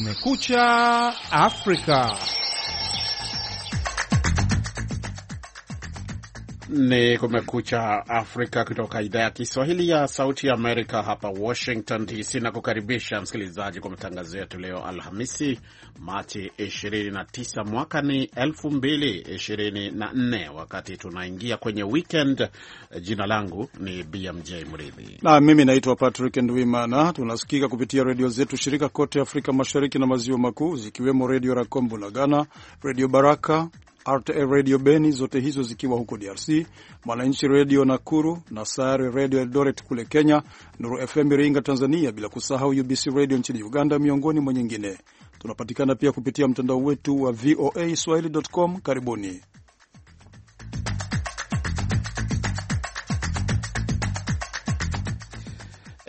Kumekucha Afrika. Ni Kumekucha Afrika kutoka idhaa ya Kiswahili ya Sauti ya Amerika hapa Washington DC, na kukaribisha msikilizaji kwa matangazo yetu leo Alhamisi, Machi 29 mwaka ni 2024, wakati tunaingia kwenye weekend. Jina langu ni BMJ Mridhi na mimi naitwa Patrick Ndwimana. Tunasikika kupitia redio zetu shirika kote Afrika Mashariki na Maziwa Makuu, zikiwemo Redio racombo la Ghana, Redio Baraka RTL Radio Beni, zote hizo zikiwa huko DRC, Mwananchi Radio Nakuru na sare Radio Eldoret kule Kenya, Nuru FM Iringa Tanzania, bila kusahau UBC Radio nchini Uganda, miongoni mwa nyingine. Tunapatikana pia kupitia mtandao wetu wa VOA swahili.com. Karibuni.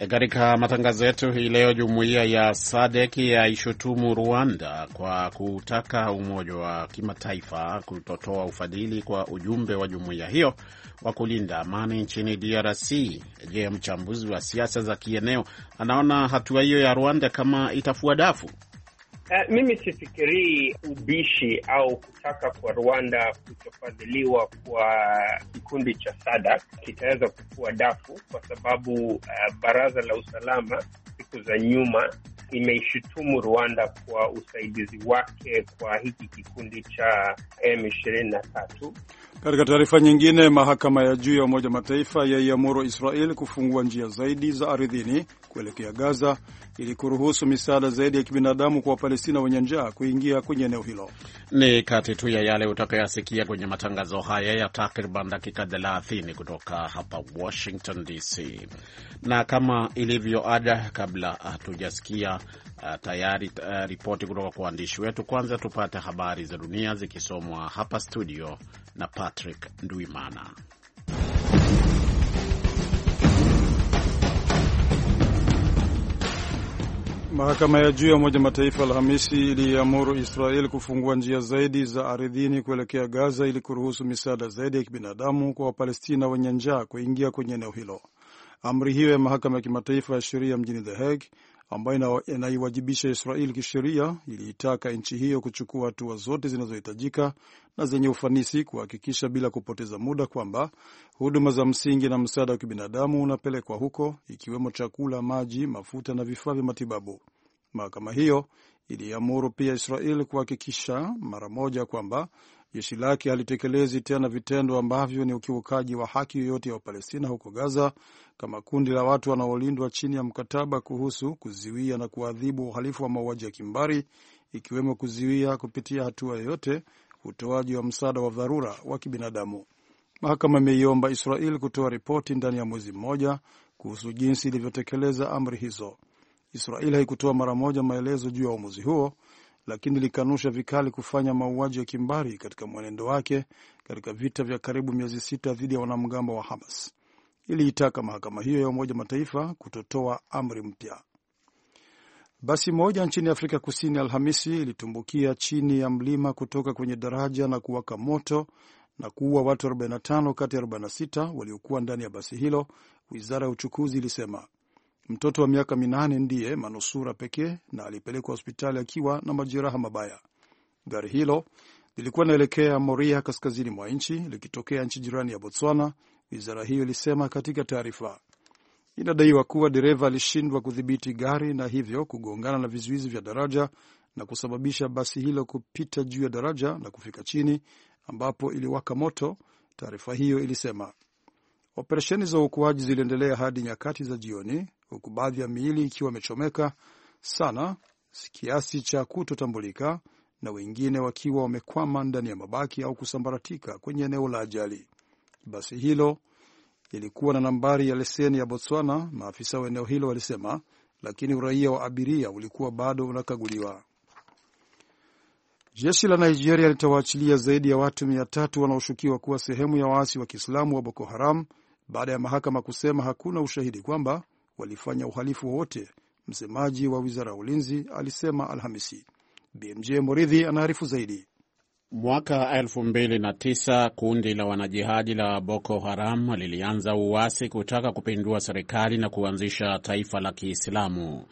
E, katika matangazo yetu hii leo, jumuiya ya SADC yaishutumu Rwanda kwa kutaka Umoja wa Kimataifa kutotoa ufadhili kwa ujumbe wa jumuiya hiyo wa kulinda amani nchini DRC. Je, mchambuzi wa siasa za kieneo anaona hatua hiyo ya Rwanda kama itafua dafu? Uh, mimi sifikirii ubishi au kutaka kwa Rwanda kutofadhiliwa kwa kikundi cha SADC kitaweza kufua dafu, kwa sababu uh, baraza la usalama siku za nyuma imeishutumu Rwanda kwa usaidizi wake kwa hiki kikundi cha M23. Katika taarifa nyingine, mahakama ya juu ya Umoja Mataifa yaiamuru Israel kufungua njia zaidi za ardhini kuelekea Gaza ili kuruhusu misaada zaidi ya kibinadamu kwa Wapalestina wenye njaa kuingia kwenye eneo hilo. Ni kati tu ya yale utakayoyasikia kwenye matangazo haya ya takriban dakika 30 kutoka hapa Washington DC, na kama ilivyo ada, kabla hatujasikia Uh, tayari uh, ripoti kutoka kwa waandishi wetu. Kwanza tupate habari za dunia zikisomwa hapa studio na Patrick Ndwimana. Mahakama ya juu ya Umoja Mataifa Alhamisi iliamuru Israel kufungua njia zaidi za ardhini kuelekea Gaza ili kuruhusu misaada zaidi ya kibinadamu kwa Wapalestina wenye njaa kuingia kwenye eneo hilo. Amri hiyo ya mahakama ya kimataifa ya sheria mjini The Hague ambayo inaiwajibisha Israel kisheria iliitaka nchi hiyo kuchukua hatua zote zinazohitajika na zenye ufanisi kuhakikisha bila kupoteza muda kwamba huduma za msingi na msaada wa kibinadamu unapelekwa huko, ikiwemo chakula, maji, mafuta na vifaa vya matibabu. Mahakama hiyo iliamuru pia Israel kuhakikisha mara moja kwamba jeshi lake halitekelezi tena vitendo ambavyo ni ukiukaji wa haki yoyote ya Wapalestina huko Gaza, kama kundi la watu wanaolindwa chini ya mkataba kuhusu kuziwia na kuadhibu uhalifu wa mauaji ya kimbari, ikiwemo kuziwia kupitia hatua yoyote utoaji wa msaada wa dharura wa kibinadamu. Mahakama imeiomba Israel kutoa ripoti ndani ya mwezi mmoja kuhusu jinsi ilivyotekeleza amri hizo. Israel haikutoa mara moja maelezo juu ya uamuzi huo lakini likanusha vikali kufanya mauaji ya kimbari katika mwenendo wake katika vita vya karibu miezi sita dhidi ya wanamgambo wa Hamas. Iliitaka mahakama hiyo ya Umoja Mataifa kutotoa amri mpya. Basi moja nchini Afrika Kusini Alhamisi ilitumbukia chini ya mlima kutoka kwenye daraja na kuwaka moto na kuua watu 45 kati ya 46 waliokuwa ndani ya basi hilo, wizara ya uchukuzi ilisema. Mtoto wa miaka minane ndiye manusura pekee na alipelekwa hospitali akiwa na majeraha mabaya. Gari hilo lilikuwa linaelekea Moria, kaskazini mwa nchi, likitokea nchi jirani ya Botswana, wizara hiyo ilisema katika taarifa. Inadaiwa kuwa dereva alishindwa kudhibiti gari na hivyo kugongana na vizuizi vya daraja na kusababisha basi hilo kupita juu ya daraja na kufika chini ambapo iliwaka moto, taarifa hiyo ilisema. Operesheni za uokoaji ziliendelea hadi nyakati za jioni huku baadhi ya miili ikiwa imechomeka sana kiasi cha kutotambulika na wengine wakiwa wamekwama ndani ya mabaki au kusambaratika kwenye eneo la ajali. Basi hilo ilikuwa na nambari ya leseni ya Botswana, maafisa wa eneo hilo walisema, lakini uraia wa abiria ulikuwa bado unakaguliwa. Jeshi la Nigeria litawaachilia zaidi ya watu mia tatu wanaoshukiwa kuwa sehemu ya waasi wa Kiislamu wa Boko Haram baada ya mahakama kusema hakuna ushahidi kwamba walifanya uhalifu wowote, msemaji wa wizara ya ulinzi alisema Alhamisi. BMJ Moridhi anaarifu zaidi. Mwaka 2009 kundi la wanajihadi la Boko Haram lilianza uasi kutaka kupindua serikali na kuanzisha taifa la Kiislamu.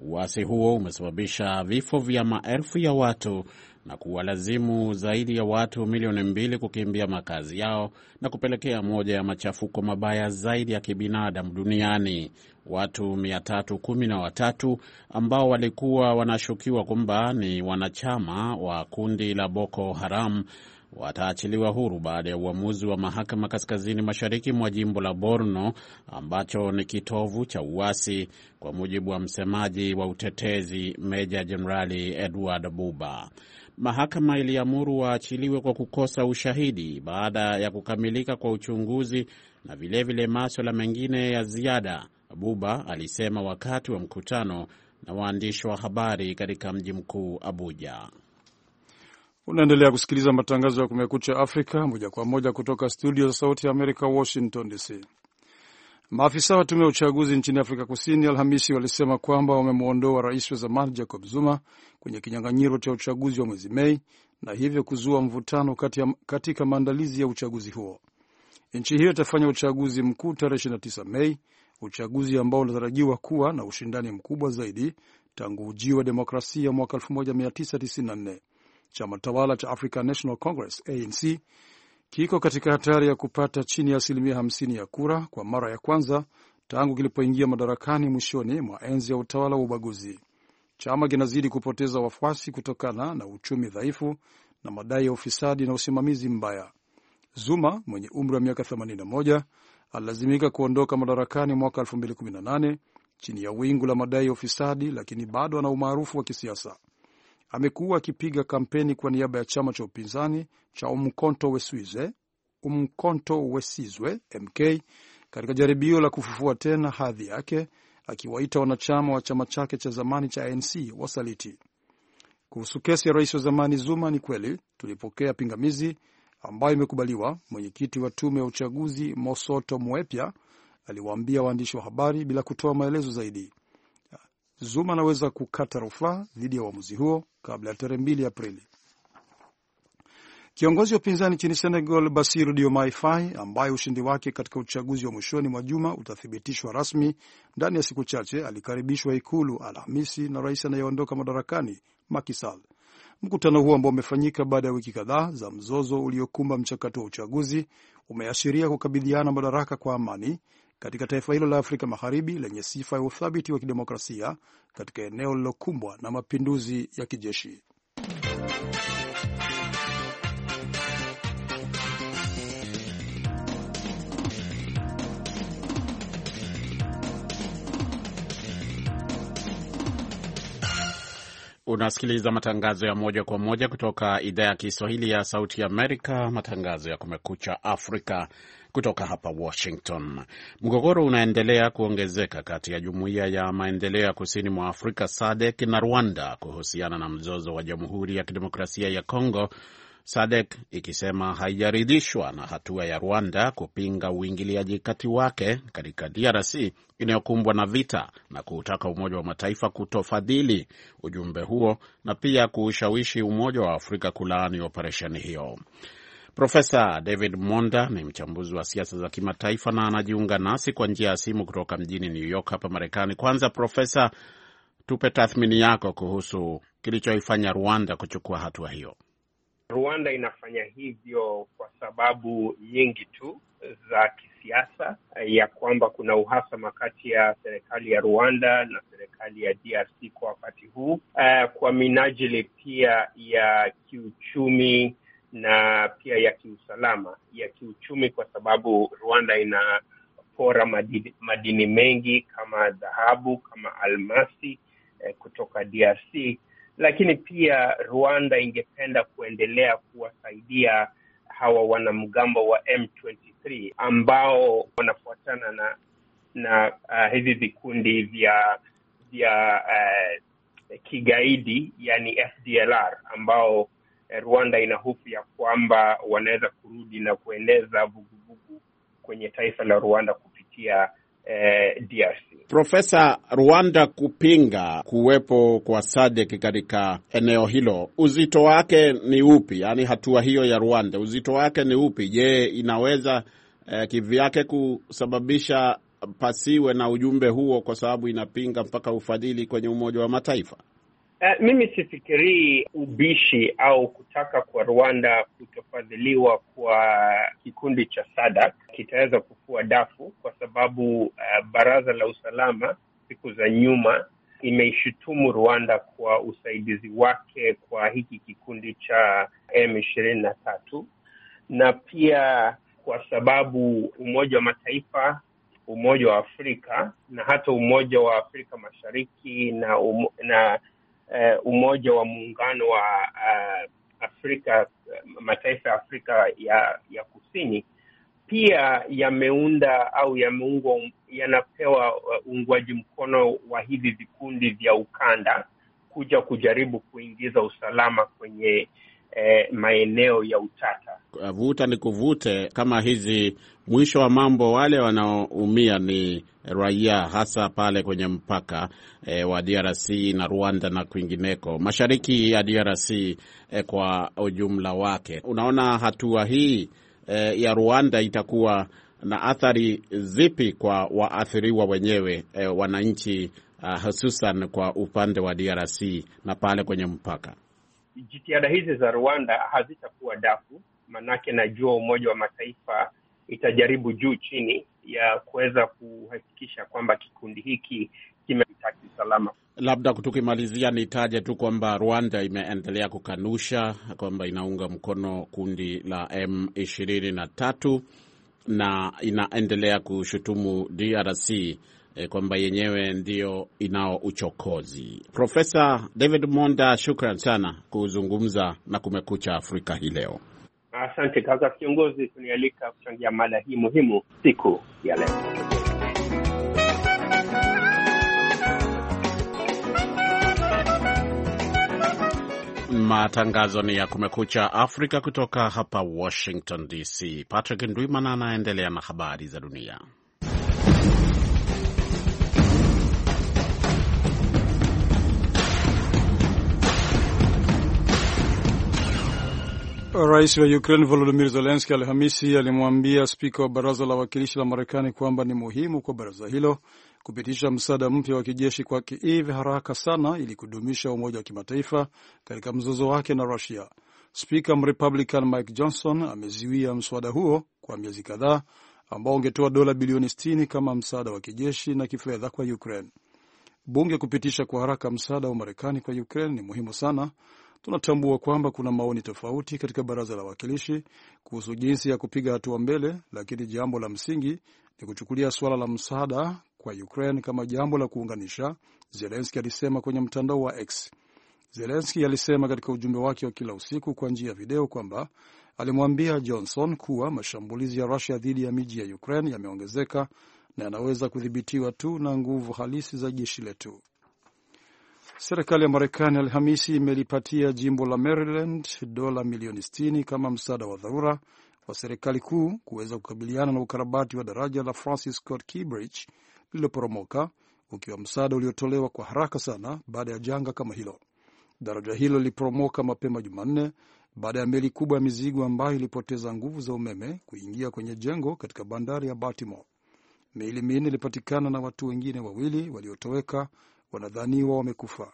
Uasi huo umesababisha vifo vya maelfu ya watu na kuwalazimu zaidi ya watu milioni mbili kukimbia makazi yao na kupelekea moja ya machafuko mabaya zaidi ya kibinadamu duniani watu 313 ambao walikuwa wanashukiwa kwamba ni wanachama wa kundi la Boko Haram wataachiliwa huru baada ya uamuzi wa mahakama kaskazini mashariki mwa jimbo la Borno ambacho ni kitovu cha uasi, kwa mujibu wa msemaji wa utetezi Meja Jenerali Edward Buba. Mahakama iliamuru waachiliwe kwa kukosa ushahidi baada ya kukamilika kwa uchunguzi na vilevile maswala mengine ya ziada. Buba alisema wakati wa mkutano na waandishi wa habari katika mji mkuu Abuja. Unaendelea kusikiliza matangazo ya Kumekucha Afrika moja kwa moja kutoka studio za Sauti ya Amerika, Washington DC. Maafisa wa tume ya uchaguzi nchini Afrika Kusini Alhamisi walisema kwamba wamemwondoa rais wa zamani Jacob Zuma kwenye kinyang'anyiro cha uchaguzi wa mwezi Mei na hivyo kuzua mvutano katika maandalizi ya uchaguzi huo. Nchi hiyo itafanya uchaguzi mkuu tarehe 29 Mei uchaguzi ambao unatarajiwa kuwa na ushindani mkubwa zaidi tangu ujio wa demokrasia mwaka 1994. Chama tawala cha African National Congress ANC kiko katika hatari ya kupata chini ya asilimia 50 ya kura kwa mara ya kwanza tangu kilipoingia madarakani mwishoni mwa enzi ya utawala wa ubaguzi. Chama kinazidi kupoteza wafuasi kutokana na uchumi dhaifu na madai ya ufisadi na usimamizi mbaya. Zuma mwenye umri wa miaka 81 alilazimika kuondoka madarakani mwaka 2018 chini ya wingu la madai ya ufisadi, lakini bado ana umaarufu wa kisiasa. Amekuwa akipiga kampeni kwa niaba ya chama cha upinzani cha umkonto we Umkonto Wesizwe MK, katika jaribio la kufufua tena hadhi yake, akiwaita wanachama wa chama chake cha zamani cha ANC wasaliti. Kuhusu kesi ya rais wa zamani Zuma, ni kweli tulipokea pingamizi ambayo imekubaliwa, mwenyekiti wa tume ya uchaguzi Mosoto Mwepya aliwaambia waandishi wa habari bila kutoa maelezo zaidi. Zuma anaweza kukata rufaa dhidi ya uamuzi huo kabla ya tarehe mbili Aprili. Kiongozi wa upinzani nchini Senegal Basiru Diomaye Faye ambaye ushindi wake katika uchaguzi wa mwishoni mwa juma utathibitishwa rasmi ndani ya siku chache alikaribishwa ikulu Alhamisi na rais anayeondoka madarakani Macky Sall. Mkutano huo ambao umefanyika baada ya wiki kadhaa za mzozo uliokumba mchakato wa uchaguzi umeashiria kukabidhiana madaraka kwa amani katika taifa hilo la Afrika Magharibi lenye sifa ya uthabiti wa kidemokrasia katika eneo lililokumbwa na mapinduzi ya kijeshi. Unasikiliza matangazo ya moja kwa moja kutoka idhaa ya Kiswahili ya Sauti Amerika, matangazo ya Kumekucha Afrika kutoka hapa Washington. Mgogoro unaendelea kuongezeka kati ya Jumuiya ya Maendeleo ya Kusini mwa Afrika SADC na Rwanda kuhusiana na mzozo wa Jamhuri ya Kidemokrasia ya congo SADC ikisema haijaridhishwa na hatua ya Rwanda kupinga uingiliaji kati wake katika DRC inayokumbwa na vita na kuutaka Umoja wa Mataifa kutofadhili ujumbe huo na pia kuushawishi Umoja wa Afrika kulaani operesheni hiyo. Profesa David Monda ni mchambuzi wa siasa za kimataifa na anajiunga nasi kwa njia ya simu kutoka mjini New York hapa Marekani. Kwanza Profesa, tupe tathmini yako kuhusu kilichoifanya Rwanda kuchukua hatua hiyo. Rwanda inafanya hivyo kwa sababu nyingi tu za kisiasa, ya kwamba kuna uhasama kati ya serikali ya Rwanda na serikali ya DRC kwa wakati huu, uh, kwa minajili pia ya kiuchumi na pia ya kiusalama. Ya kiuchumi kwa sababu Rwanda inapora madini, madini mengi kama dhahabu, kama almasi eh, kutoka DRC lakini pia Rwanda ingependa kuendelea kuwasaidia hawa wanamgambo wa M23 ambao wanafuatana na na uh, hivi vikundi vya vya uh, kigaidi yani FDLR ambao eh, Rwanda ina hofu ya kwamba wanaweza kurudi na kueneza vuguvugu kwenye taifa la Rwanda kupitia eh, DRC. Profesa, Rwanda kupinga kuwepo kwa SADC katika eneo hilo, uzito wake ni upi? Yaani hatua hiyo ya Rwanda uzito wake ni upi? Je, inaweza eh, kivyake kusababisha pasiwe na ujumbe huo, kwa sababu inapinga mpaka ufadhili kwenye Umoja wa Mataifa? Uh, mimi sifikirii ubishi au kutaka kwa Rwanda kutofadhiliwa kwa kikundi cha SADC kitaweza kufua dafu, kwa sababu uh, Baraza la Usalama siku za nyuma imeishutumu Rwanda kwa usaidizi wake kwa hiki kikundi cha M ishirini na tatu na pia kwa sababu Umoja wa Mataifa, Umoja wa Afrika na hata Umoja wa Afrika Mashariki na, um, na eh, umoja wa muungano wa uh, Afrika mataifa ya Afrika ya ya Kusini pia yameunda au yameungwa yanapewa eh, uungwaji mkono wa hivi vikundi vya ukanda kuja kujaribu kuingiza usalama kwenye eh, maeneo ya utata. Vuta ni kuvute kama hizi, mwisho wa mambo wale wanaoumia ni raia, hasa pale kwenye mpaka eh, wa DRC na Rwanda na kwingineko mashariki ya DRC eh, kwa ujumla wake. Unaona hatua hii eh, ya Rwanda itakuwa na athari zipi kwa waathiriwa wenyewe eh, wananchi, uh, hususan kwa upande wa DRC na pale kwenye mpaka jitihada hizi za Rwanda hazitakuwa dafu, maanake najua Umoja wa Mataifa itajaribu juu chini ya kuweza kuhakikisha kwamba kikundi hiki kimeitaki usalama. Labda tukimalizia, nitaje tu kwamba Rwanda imeendelea kukanusha kwamba inaunga mkono kundi la M ishirini na tatu na inaendelea kushutumu DRC e, kwamba yenyewe ndiyo inao uchokozi. Profesa David Monda, shukran sana kuzungumza na Kumekucha Afrika hii leo. Asante kaka kiongozi kunialika kuchangia mada hii muhimu siku ya leo. Matangazo ni ya Kumekucha Afrika kutoka hapa Washington DC. Patrick Ndwimana anaendelea na habari za dunia. Rais wa Ukraine Volodymyr Zelensky Alhamisi alimwambia spika wa baraza la wawakilishi la Marekani kwamba ni muhimu kwa baraza hilo kupitisha msaada mpya wa kijeshi kwa Kiev haraka sana ili kudumisha umoja wa kimataifa katika mzozo wake na Russia. Spika Mrepublican Mike Johnson ameziwia mswada huo kwa miezi kadhaa ambao ungetoa dola bilioni 60 kama msaada wa kijeshi na kifedha kwa Ukraine. Bunge kupitisha kwa haraka msaada wa Marekani kwa Ukraine ni muhimu sana Tunatambua kwamba kuna maoni tofauti katika baraza la wawakilishi kuhusu jinsi ya kupiga hatua mbele, lakini jambo la msingi ni kuchukulia suala la msaada kwa Ukraine kama jambo la kuunganisha, Zelenski alisema kwenye mtandao wa X. Zelenski alisema katika ujumbe wake wa kila usiku kwa njia ya video kwamba alimwambia Johnson kuwa mashambulizi ya Rusia dhidi ya miji ya Ukraine yameongezeka na yanaweza kudhibitiwa tu na nguvu halisi za jeshi letu. Serikali ya Marekani Alhamisi imelipatia jimbo la Maryland dola milioni 60 kama msaada wa dharura wa serikali kuu kuweza kukabiliana na ukarabati wa daraja la Francis Scott Key Bridge lililoporomoka, ukiwa msaada uliotolewa kwa haraka sana baada ya janga kama hilo. Daraja hilo liliporomoka mapema Jumanne baada ya meli kubwa ya mizigo ambayo ilipoteza nguvu za umeme kuingia kwenye jengo katika bandari ya Baltimore. meli minne ilipatikana na watu wengine wawili waliotoweka wanadhaniwa wamekufa.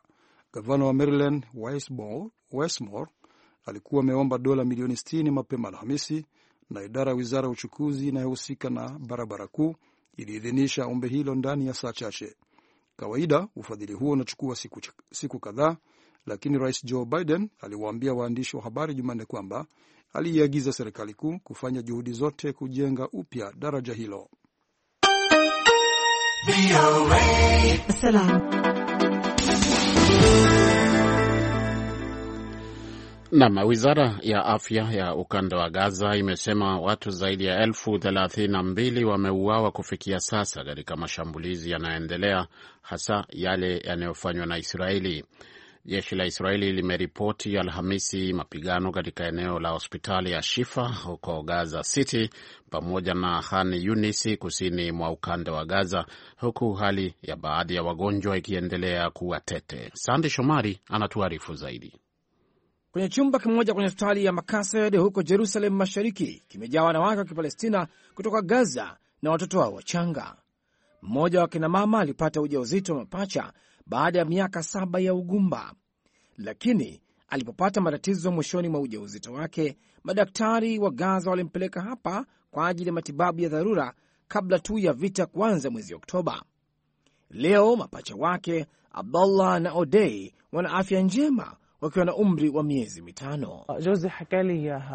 Gavana wa Maryland Westmore alikuwa ameomba dola milioni 60 mapema Alhamisi, na idara ya wizara ya uchukuzi inayohusika na barabara kuu iliidhinisha ombi hilo ndani ya saa chache. Kawaida ufadhili huo unachukua siku, siku kadhaa, lakini rais Joe Biden aliwaambia waandishi wa habari Jumanne kwamba aliiagiza serikali kuu kufanya juhudi zote kujenga upya daraja hilo. Nam, wizara ya afya ya ukanda wa Gaza imesema watu zaidi ya elfu thelathini na mbili wameuawa kufikia sasa katika mashambulizi yanayoendelea, hasa yale yanayofanywa na Israeli. Jeshi la Israeli limeripoti Alhamisi mapigano katika eneo la hospitali ya Shifa huko Gaza City pamoja na Khan Yunis kusini mwa ukanda wa Gaza, huku hali ya baadhi ya wagonjwa ikiendelea kuwa tete. Sande Shomari anatuarifu zaidi. Kwenye chumba kimoja kwenye hospitali ya Makased huko Jerusalem Mashariki kimejaa wanawake wa Kipalestina kutoka Gaza na watoto wao wachanga. Mmoja wa kinamama alipata ujauzito wa mapacha baada ya miaka saba ya ugumba, lakini alipopata matatizo mwishoni mwa ujauzito wake, madaktari wa Gaza walimpeleka hapa kwa ajili ya matibabu ya dharura kabla tu ya vita kuanza mwezi Oktoba. Leo mapacha wake Abdullah na Odei wana afya njema wakiwa na umri wa miezi mitano. Uh, uh,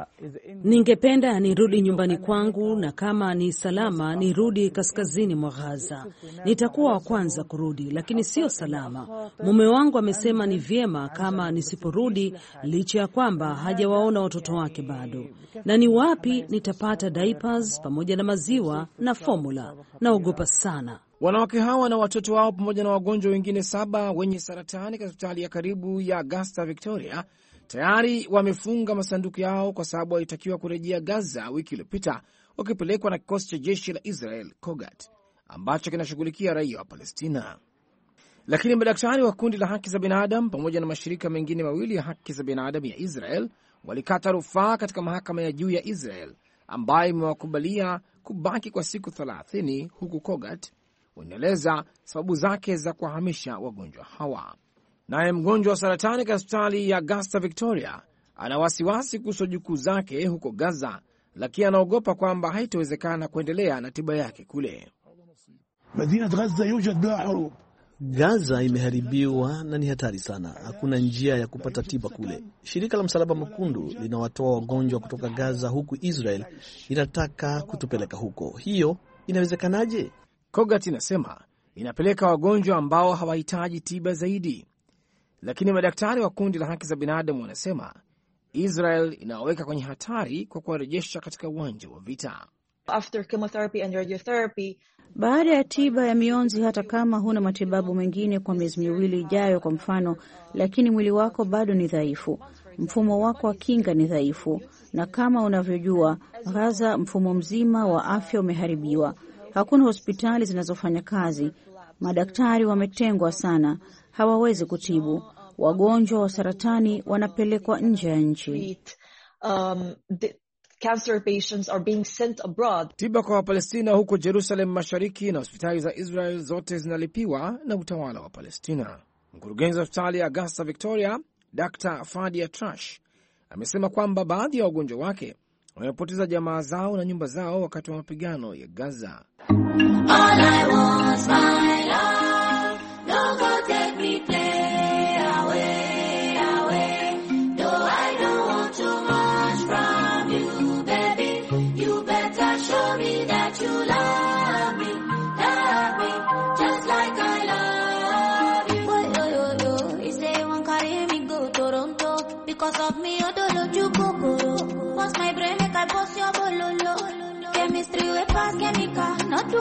Ningependa nirudi nyumbani kwangu, na kama ni salama nirudi kaskazini mwa ghaza Nitakuwa wa kwanza kurudi, lakini sio salama. Mume wangu amesema ni vyema kama nisiporudi, licha ya kwamba hajawaona watoto wake bado. Na ni wapi nitapata diapers pamoja na maziwa na formula? Naogopa sana. Wanawake hawa na watoto wao pamoja na wagonjwa wengine saba wenye saratani katika hospitali ya karibu ya Augusta, Victoria, tayari wamefunga masanduku yao kwa sababu walitakiwa kurejea Gaza wiki iliyopita, wakipelekwa na kikosi cha jeshi la Israel COGAT ambacho kinashughulikia raia wa Palestina. Lakini madaktari wa kundi la haki za binadamu pamoja na mashirika mengine mawili ya haki za binadamu ya Israel walikata rufaa katika mahakama ya juu ya Israel ambayo imewakubalia kubaki kwa siku 30 huku COGAT unaeleza sababu zake za kuwahamisha wagonjwa hawa. Naye mgonjwa wa saratani katika hospitali ya gasta Victoria ana wasiwasi kuhusu jukuu zake huko Gaza, lakini anaogopa kwamba haitawezekana kuendelea na tiba yake kule. Gaza imeharibiwa na ni hatari sana, hakuna njia ya kupata tiba kule. Shirika la Msalaba Mwekundu linawatoa wagonjwa kutoka Gaza, huku Israel inataka kutupeleka huko. Hiyo inawezekanaje? Kogat inasema inapeleka wagonjwa ambao hawahitaji tiba zaidi, lakini madaktari wa kundi la haki za binadamu wanasema Israel inawaweka kwenye hatari kwa kuwarejesha katika uwanja wa vita. After chemotherapy and radiotherapy, baada ya tiba ya mionzi, hata kama huna matibabu mengine kwa miezi miwili ijayo, kwa mfano, lakini mwili wako bado ni dhaifu, mfumo wako wa kinga ni dhaifu, na kama unavyojua Gaza, mfumo mzima wa afya umeharibiwa. Hakuna hospitali zinazofanya kazi, madaktari wametengwa sana, hawawezi kutibu wagonjwa wa saratani, wanapelekwa nje ya nchi. Um, tiba kwa Wapalestina huko Jerusalem Mashariki na hospitali za Israel zote zinalipiwa na utawala wa Palestina. Mkurugenzi wa hospitali ya agasta Victoria, Dr Fadia Trash amesema kwamba baadhi ya wagonjwa wake wamepoteza jamaa zao na nyumba zao wakati wa mapigano ya Gaza. E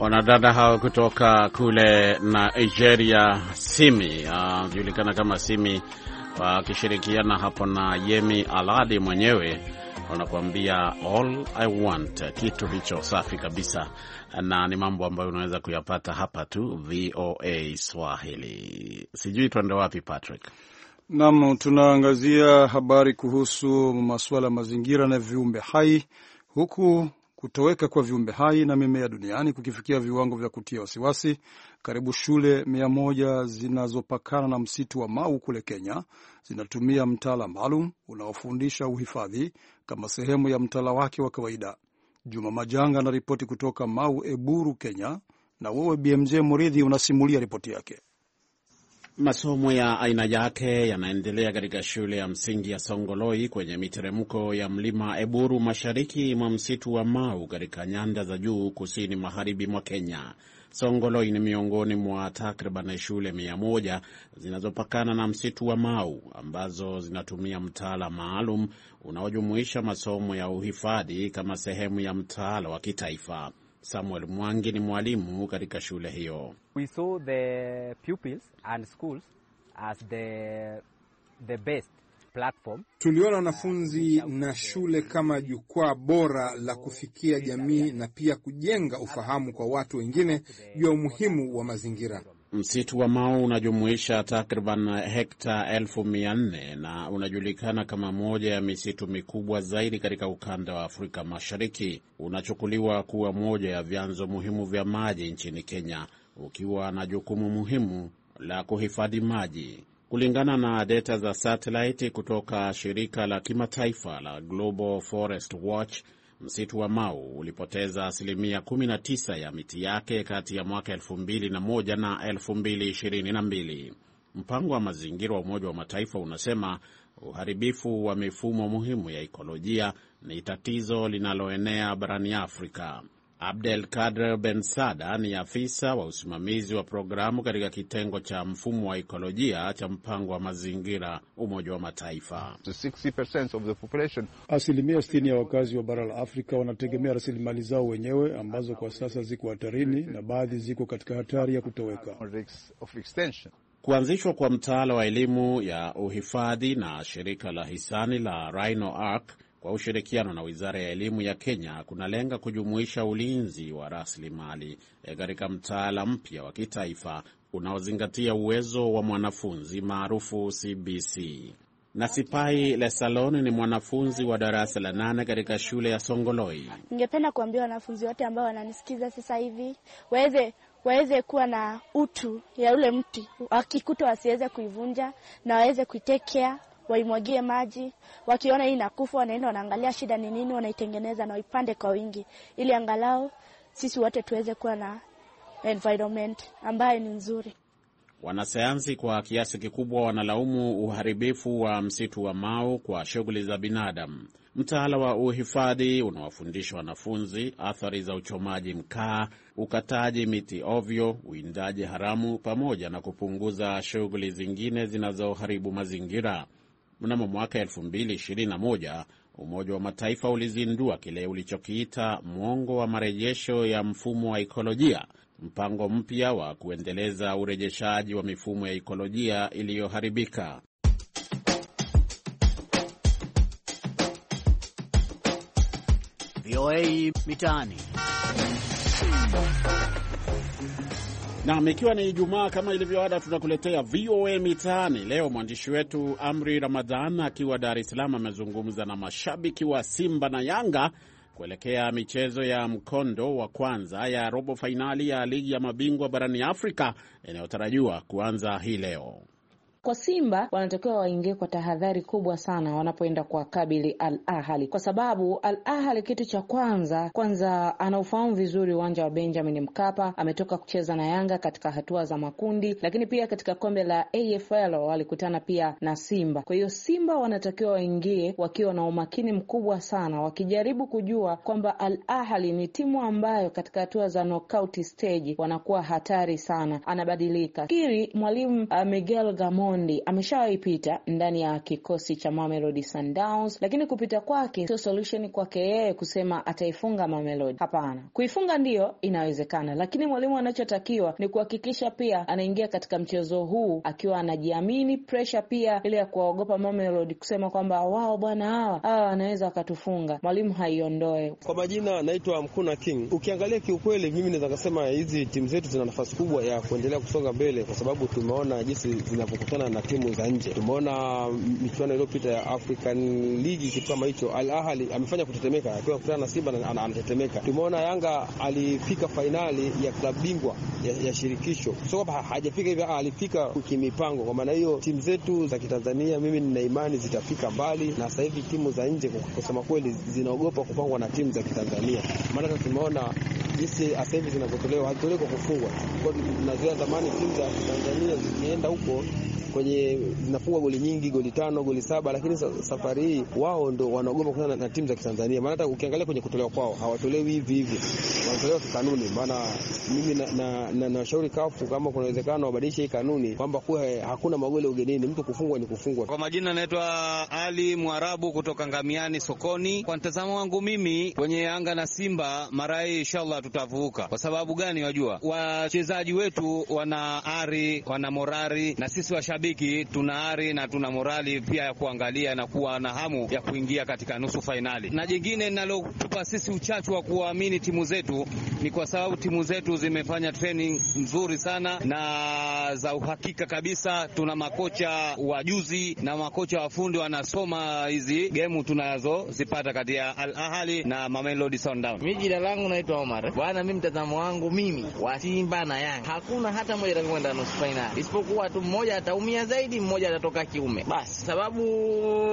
Wanadada hao kutoka kule Nigeria, Simi, uh, julikana kama Simi wakishirikiana hapo na Yemi aladi mwenyewe wanakuambia all I want. Kitu hicho safi kabisa, na ni mambo ambayo unaweza kuyapata hapa tu VOA Swahili. Sijui tuende wapi, Patrick? Naam, tunaangazia habari kuhusu masuala ya mazingira na viumbe hai, huku kutoweka kwa viumbe hai na mimea duniani kukifikia viwango vya kutia wasiwasi, karibu shule mia moja zinazopakana na msitu wa Mau kule Kenya zinatumia mtaala maalum unaofundisha uhifadhi kama sehemu ya mtaala wake wa kawaida. Juma Majanga anaripoti kutoka Mau Eburu, Kenya, na wewe BMJ Muridhi unasimulia ripoti yake. Masomo ya aina yake yanaendelea katika shule ya msingi ya Songoloi kwenye miteremko ya mlima Eburu, mashariki mwa msitu wa Mau katika nyanda za juu kusini magharibi mwa Kenya. Songoloi ni miongoni mwa takriban shule mia moja zinazopakana na msitu wa Mau ambazo zinatumia mtaala maalum unaojumuisha masomo ya uhifadhi kama sehemu ya mtaala wa kitaifa. Samuel Mwangi ni mwalimu katika shule hiyo. We saw the pupils and schools as the, the best platform. Tuliona wanafunzi na shule kama jukwaa bora la kufikia jamii na pia kujenga ufahamu kwa watu wengine juu ya umuhimu wa mazingira. Msitu wa Mau unajumuisha takriban hekta elfu mia nne na unajulikana kama moja ya misitu mikubwa zaidi katika ukanda wa Afrika Mashariki. Unachukuliwa kuwa moja ya vyanzo muhimu vya maji nchini Kenya, ukiwa na jukumu muhimu la kuhifadhi maji. Kulingana na data za satelaiti kutoka shirika la kimataifa la Global Forest Watch, msitu wa Mau ulipoteza asilimia 19 ya miti yake kati ya mwaka 2001 na 2022. Mpango wa mazingira wa Umoja wa Mataifa unasema uharibifu wa mifumo muhimu ya ikolojia ni tatizo linaloenea barani Afrika. Abdel Kader Bensada ni afisa wa usimamizi wa programu katika kitengo cha mfumo wa ekolojia cha mpango wa mazingira Umoja wa Mataifa. Asilimia 60 ya wakazi wa bara la Afrika wanategemea rasilimali zao wenyewe ambazo kwa sasa ziko hatarini na baadhi ziko katika hatari ya kutoweka. Kuanzishwa kwa mtaala wa elimu ya uhifadhi na shirika la hisani la Rhino Ark kwa ushirikiano na Wizara ya Elimu ya Kenya kunalenga kujumuisha ulinzi wa rasilimali eh, katika mtaala mpya wa kitaifa unaozingatia uwezo wa mwanafunzi maarufu CBC. Nasipai Lesalon ni mwanafunzi wa darasa la nane katika shule ya Songoloi. Ningependa kuambia wanafunzi wote ambao wananisikiza sasa hivi waweze waweze kuwa na utu ya ule mti, wakikuta wasiweze kuivunja na waweze kuitekea waimwagie maji. Wakiona hii inakufa, wanaenda wanaangalia shida ni nini, wanaitengeneza na waipande kwa wingi, ili angalau sisi wote tuweze kuwa na environment ambayo ni nzuri. Wanasayansi kwa kiasi kikubwa wanalaumu uharibifu wa msitu wa Mau kwa shughuli za binadamu. Mtaala wa uhifadhi unawafundisha wanafunzi athari za uchomaji mkaa, ukataji miti ovyo, uindaji haramu, pamoja na kupunguza shughuli zingine zinazoharibu mazingira. Mnamo mwaka 2021 Umoja wa Mataifa ulizindua kile ulichokiita mwongo wa marejesho ya mfumo wa ikolojia, mpango mpya wa kuendeleza urejeshaji wa mifumo ya ikolojia iliyoharibika. VOA Mitaani. Nam, ikiwa ni Ijumaa kama ilivyoada, tunakuletea VOA Mitaani. Leo mwandishi wetu Amri Ramadhan akiwa Dar es Salaam amezungumza na mashabiki wa Simba na Yanga kuelekea michezo ya mkondo wa kwanza ya robo fainali ya ligi ya mabingwa barani Afrika inayotarajiwa kuanza hii leo kwa Simba wanatakiwa waingie kwa tahadhari kubwa sana wanapoenda kuwakabili Al Ahali, kwa sababu Al Ahali kitu cha kwanza kwanza anaufahamu vizuri uwanja wa Benjamin Mkapa. Ametoka kucheza na Yanga katika hatua za makundi, lakini pia katika kombe la AFL walikutana pia na Simba. Kwa hiyo Simba wanatakiwa waingie wakiwa na umakini mkubwa sana, wakijaribu kujua kwamba Al Ahali ni timu ambayo katika hatua za knockout stage wanakuwa hatari sana, anabadilika. Fikiri mwalimu uh, Miguel Gamon Omondi ameshawahi ndani ya kikosi cha Mamelodi Sundowns, lakini kupita kwake sio solution kwake yeye kusema ataifunga Mamelodi. Hapana, kuifunga ndiyo inawezekana, lakini mwalimu anachotakiwa ni kuhakikisha pia anaingia katika mchezo huu akiwa anajiamini, pressure pia ile ya kuwaogopa Mamelodi kusema kwamba wao bwana, hawa hawa wanaweza wakatufunga, mwalimu haiondoe. Kwa majina naitwa Mkuna King. Ukiangalia kiukweli, mimi naweza kasema hizi timu zetu zina nafasi kubwa ya kuendelea kusonga mbele, kwa sababu tumeona jinsi zinavyokutana kuchezana na timu za nje. Tumeona michuano iliyopita ya African League, kitu kama hicho. Al Ahly amefanya kutetemeka akiwa kutana na Simba na anatetemeka. Tumeona Yanga alifika fainali ya klabu bingwa ya, ya shirikisho, sio kwamba hajafika hivyo, alifika kimipango. Kwa maana hiyo timu zetu za Kitanzania mimi nina imani zitafika mbali, na sasa hivi timu za nje kwa kusema kweli zinaogopa kupangwa na timu za Kitanzania, maana tumeona jinsi sasa hivi zinavyotolewa, hazitolewi kwa kufungwa. Nazoea zamani timu za Kitanzania zikienda huko kwenye zinafunga goli nyingi, goli tano, goli saba, lakini safari hii wao ndo wanaogopa kukutana na timu za Kitanzania. Maana hata ukiangalia kwenye kutolewa kwao hawatolewi hivi hivi, wanatolewa kikanuni. Maana mimi nashauri na, na, na kafu kama kuna uwezekano wabadilishe hii kanuni kwamba kuwe hakuna magoli ugenini, mtu kufungwa ni kufungwa. Kwa majina naitwa Ali Mwarabu kutoka Ngamiani Sokoni. Kwa mtazamo wangu mimi kwenye Yanga na Simba mara hii inshallah tutavuka. Kwa sababu gani? Wajua wachezaji wetu wana ari, wana morari na sisi washabiki mashabiki tuna ari na tuna morali pia ya kuangalia na kuwa na hamu ya kuingia katika nusu fainali. Na jingine linalotupa sisi uchachu wa kuamini timu zetu ni kwa sababu timu zetu zimefanya training nzuri sana na za uhakika kabisa. Tuna makocha wajuzi na makocha wafundi wanasoma hizi gemu tunazozipata kati ya Al Ahali na Mamelodi Sundowns. Mimi jina langu naitwa Omar. Bwana, mimi mtazamo wangu mimi wa Simba na Yanga hakuna hata mmoja atakayekwenda nusu fainali isipokuwa tu mmoja ataum ataumia zaidi, mmoja atatoka kiume. Basi sababu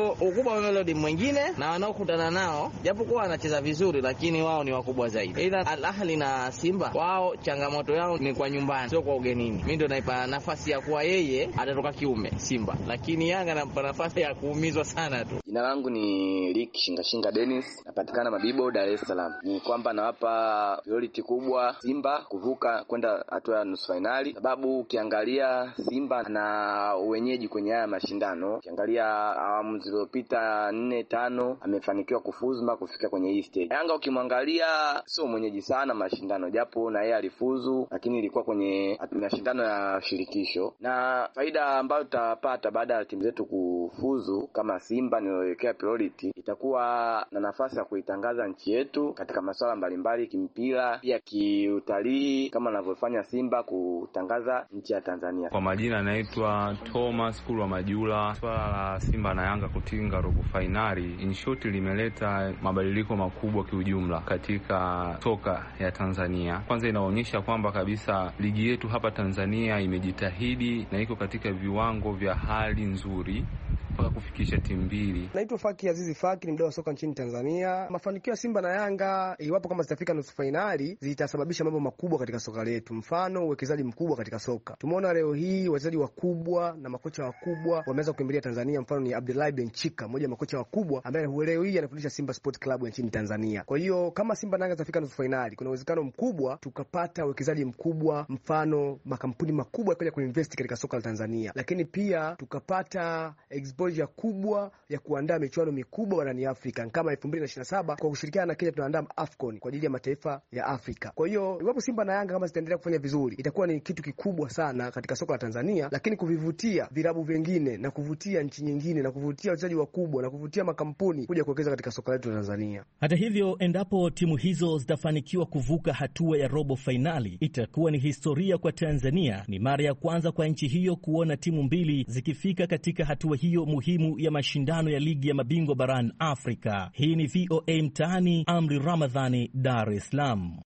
ukubwa wa Melody mwingine na wanaokutana nao, japokuwa wanacheza vizuri, lakini wao ni wakubwa zaidi. Ila Al na Simba wao changamoto yao ni kwa nyumbani, sio kwa ugenini. Mi ndo naipa nafasi ya kuwa yeye atatoka kiume Simba, lakini Yanga nampa nafasi ya kuumizwa sana tu. Jina langu ni Rick Shingashinga Dennis, napatikana Mabibo, Dar es Salaam. Ni kwamba nawapa priority kubwa Simba kuvuka kwenda hatua ya nusu fainali, sababu ukiangalia Simba na wenyeji kwenye haya mashindano. Ukiangalia awamu zilizopita nne tano, amefanikiwa kufuzu mpaka kufika kwenye hii stage. Yanga ukimwangalia sio mwenyeji sana mashindano, japo na yeye alifuzu, lakini ilikuwa kwenye mashindano ya shirikisho. Na faida ambayo tutapata baada ya timu zetu kufuzu, kama Simba niliowekea priority, itakuwa na nafasi ya kuitangaza nchi yetu katika masuala mbalimbali, kimpira pia kiutalii, kama anavyofanya Simba kutangaza nchi ya Tanzania. Kwa majina anaitwa Thomas skulu wa Majula. Swala la Simba na Yanga kutinga robo fainali in short limeleta mabadiliko makubwa kiujumla katika soka ya Tanzania. Kwanza inaonyesha kwamba kabisa ligi yetu hapa Tanzania imejitahidi na iko katika viwango vya hali nzuri mpaka kufikisha timu mbili. Naitwa Faki Azizi Faki, ni mdau wa soka nchini Tanzania. Mafanikio ya Simba na Yanga, iwapo kama zitafika nusu fainali, zitasababisha mambo makubwa katika soka letu, mfano uwekezaji mkubwa katika soka. Tumeona leo hii wachezaji wakubwa na makocha wakubwa wameweza kukimbilia Tanzania, mfano ni Abdullahi Benchika, mmoja wa makocha wakubwa ambaye leo hii anafundisha Simba Sport Club nchini Tanzania. Kwa hiyo kama Simba na Yanga zitafika nusu fainali, kuna uwezekano mkubwa tukapata uwekezaji mkubwa, mfano makampuni makubwa yakaja kuinvesti katika soka la Tanzania, lakini pia tukapata expo exposure kubwa ya kuandaa michuano mikubwa barani Afrika kama 2027 kwa kushirikiana na Kenya tunaandaa AFCON kwa ajili ya mataifa ya Afrika. Kwa hiyo iwapo Simba na Yanga kama zitaendelea kufanya vizuri, itakuwa ni kitu kikubwa sana katika soka la Tanzania, lakini kuvivutia vilabu vingine na kuvutia nchi nyingine na kuvutia wachezaji wakubwa na kuvutia makampuni kuja kuwekeza katika soka letu la Tanzania. Hata hivyo, endapo timu hizo zitafanikiwa kuvuka hatua ya robo fainali, itakuwa ni historia kwa Tanzania. Ni mara ya kwanza kwa nchi hiyo kuona timu mbili zikifika katika hatua hiyo muhimu ya mashindano ya ligi ya mabingwa barani Afrika. Hii ni VOA Mtaani, Amri Ramadhani, Dar es Salaam.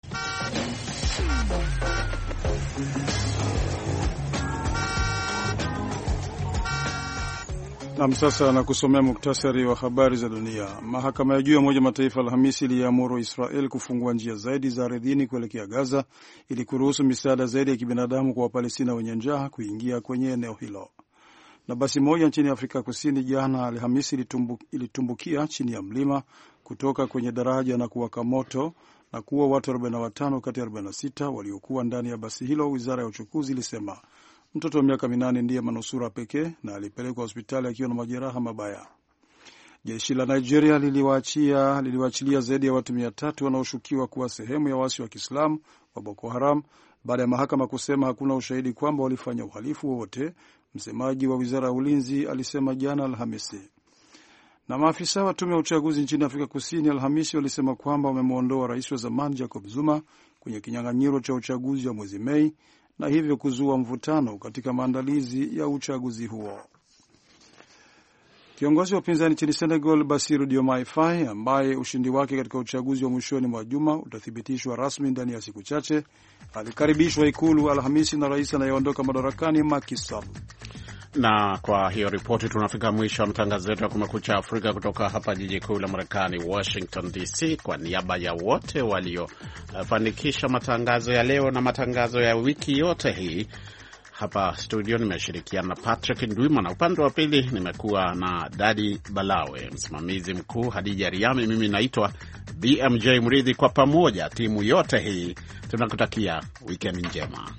Nam, sasa nakusomea muktasari wa habari za dunia. Mahakama ya juu ya Umoja Mataifa Alhamisi iliamuru Israel kufungua njia zaidi za ardhini kuelekea Gaza ili kuruhusu misaada zaidi ya kibinadamu kwa Wapalestina wenye njaa kuingia kwenye eneo hilo. Na basi moja nchini Afrika Kusini jana Alhamisi ilitumbu, ilitumbukia chini ya mlima kutoka kwenye daraja na kuwaka moto na kuwa watu 45 kati ya 46 waliokuwa ndani ya basi hilo, wizara ya uchukuzi ilisema. Mtoto wa miaka minane ndiye manusura pekee na alipelekwa hospitali akiwa na majeraha mabaya. Jeshi la Nigeria liliwaachilia liliwaachilia zaidi ya watu mia tatu wanaoshukiwa kuwa sehemu ya waasi wa Kiislamu wa Boko Haram baada ya mahakama kusema hakuna ushahidi kwamba walifanya uhalifu wowote msemaji wa wizara ya ulinzi alisema jana Alhamisi. Na maafisa wa tume ya uchaguzi nchini Afrika Kusini Alhamisi walisema kwamba wamemwondoa rais wa zamani Jacob Zuma kwenye kinyang'anyiro cha uchaguzi wa mwezi Mei na hivyo kuzua mvutano katika maandalizi ya uchaguzi huo. Kiongozi wa upinzani nchini Senegal, Basiru Diomaye Faye, ambaye ushindi wake katika uchaguzi wa mwishoni mwa juma utathibitishwa rasmi ndani ya siku chache, alikaribishwa Ikulu Alhamisi na rais anayeondoka madarakani Macky Sall. Na kwa hiyo ripoti, tunafika mwisho wa matangazo yetu ya Kumekucha Afrika kutoka hapa jiji kuu la Marekani, Washington DC. Kwa niaba ya wote waliofanikisha matangazo ya leo na matangazo ya wiki yote hii hapa studio nimeshirikiana na Patrick na upande wa pili nimekuwa na Dadi Balawe, msimamizi mkuu Hadija Riami, mimi naitwa BMJ Mridhi. Kwa pamoja timu yote hii tunakutakia wikendi njema.